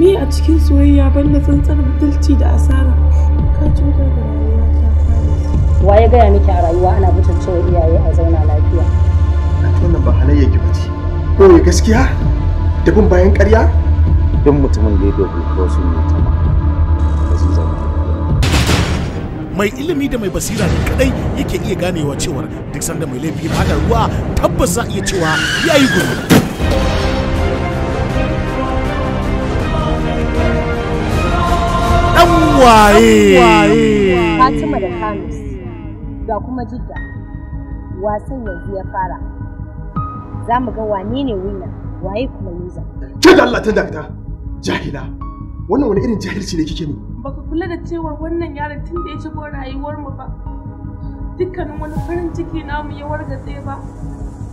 me a cikin soyayya ban da tsantsar butulci da asara ka cutar da rayuwa wa ya gaya miki a rayuwa ana cewa iyaye a zauna lafiya a wannan ba halayya ki bace ya gaskiya da bin bayan ƙarya duk mutumin da ya dogo ko sun yi tama su zama mai ilimi da mai basira ne kadai yake iya ganewa cewar duk sanda mai laifi ba da ruwa tabbas za a iya cewa yayi gudu waye eh. Fatima da Kanus ga kuma Jidda wasan yanzu ya fara za mu ga wane ne wina waye kuma loser ce da Allah ta dakta jahila wannan wani irin jahilci ne kike ne ku kula da cewa wannan yaron tun da ya shigo rayuwar mu ba dukkanin wani farin ciki namu ya wargatse ba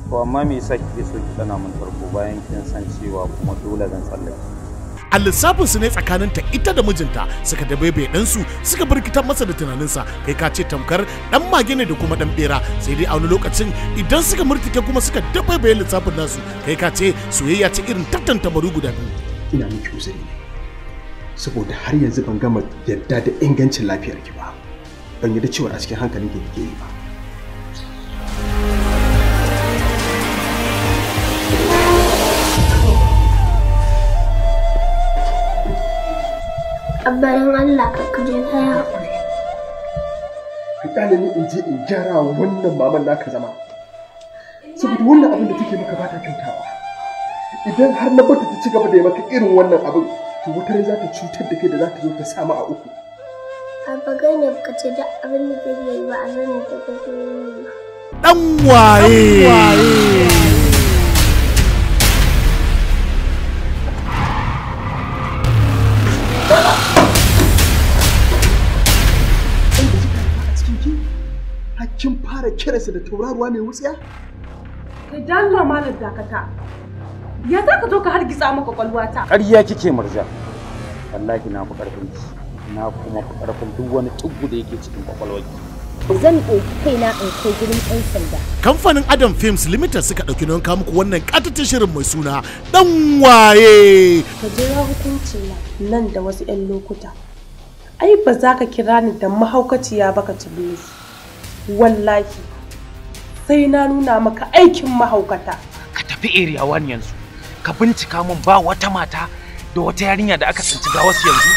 to amma me yasa kike so ki tana mun farko bayan kin san cewa kuma dole zan tsallake a lissafinsu ne tsakaninta ita da mijinta suka da dabaibaye ɗansu suka birkitar masa da tunaninsa kai ka ce tamkar ɗan mage ne da kuma ɗan bera sai dai a wani lokacin idan suka murtike kuma suka dabaibaye lissafin nasu kai ka ce soyayya ce irin tattanta baru guda biyu ina miki uzuri saboda har yanzu ban gama yarda da ingancin lafiyar ki ba ban da cewa a cikin hankalin ki yi ba abbarin Allah ka kuje haƙuri. Ka ƙyale ni in je in gyara wa wannan maman naka zama. Saboda wannan abin da take maka ba ta kyautawa. Idan har na bata ta ci gaba da yi maka irin wannan abin, to wutar za ta cutar da kai da za ta zo ta samu a uku. Abba gane ka ce da abin da take yi ba a sanin ta take yi ba. waye! Ɗan waye! kiransa da tauraruwa mai wutsiya? Kai dalla malam dakata. Ya za ka zo ka hargitsa maka kwalwata? Ƙarya kike murja. Wallahi na ku ƙarfin ki. Na kuma ku ƙarfin duk wani tuggu da yake cikin kwakwalwarki. zan ɗauki kaina in kai gurin ɗan sanda. Kamfanin Adam Films Limited suka ɗauki don kawo muku wannan ƙatatin shirin mai suna ɗan waye. Ka jira hukuncin nan nan da wasu 'yan lokuta. Ai ba za ka kira ni da mahaukaciya ba ka ci wallahi sai na nuna maka aikin mahaukata ka tafi area one yanzu ka bincika mun ba wata mata da wata yarinya da aka tsinci ga wasu yanzu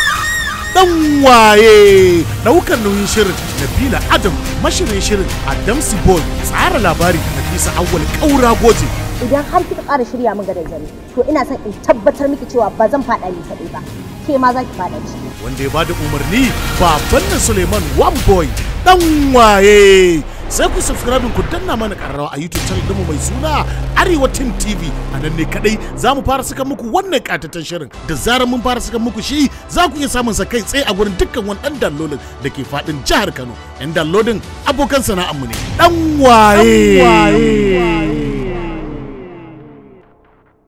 dan waye daukar nauyin shirin nabila adam mashirin shirin adam sibol tsara labari nafisa awwal kaura goje idan har kika ƙara shirya min gadon zare to ina son in tabbatar miki cewa ba zan faɗa ni kaɗai ba ke ma za ki faɗa wanda ya bada umarni baban nan suleiman one boy dan waye sai ku subscribe ku danna mana karrawa a youtube channel ɗinmu mai suna arewa team tv a nan ne kadai za mu fara saka muku wannan katatan shirin da zarar mun fara saka muku shi za ku iya samun sa kai tsaye a gurin dukkan wani dan downloading da ke faɗin jihar kano yan downloading abokan sana'anmu ne dan waye.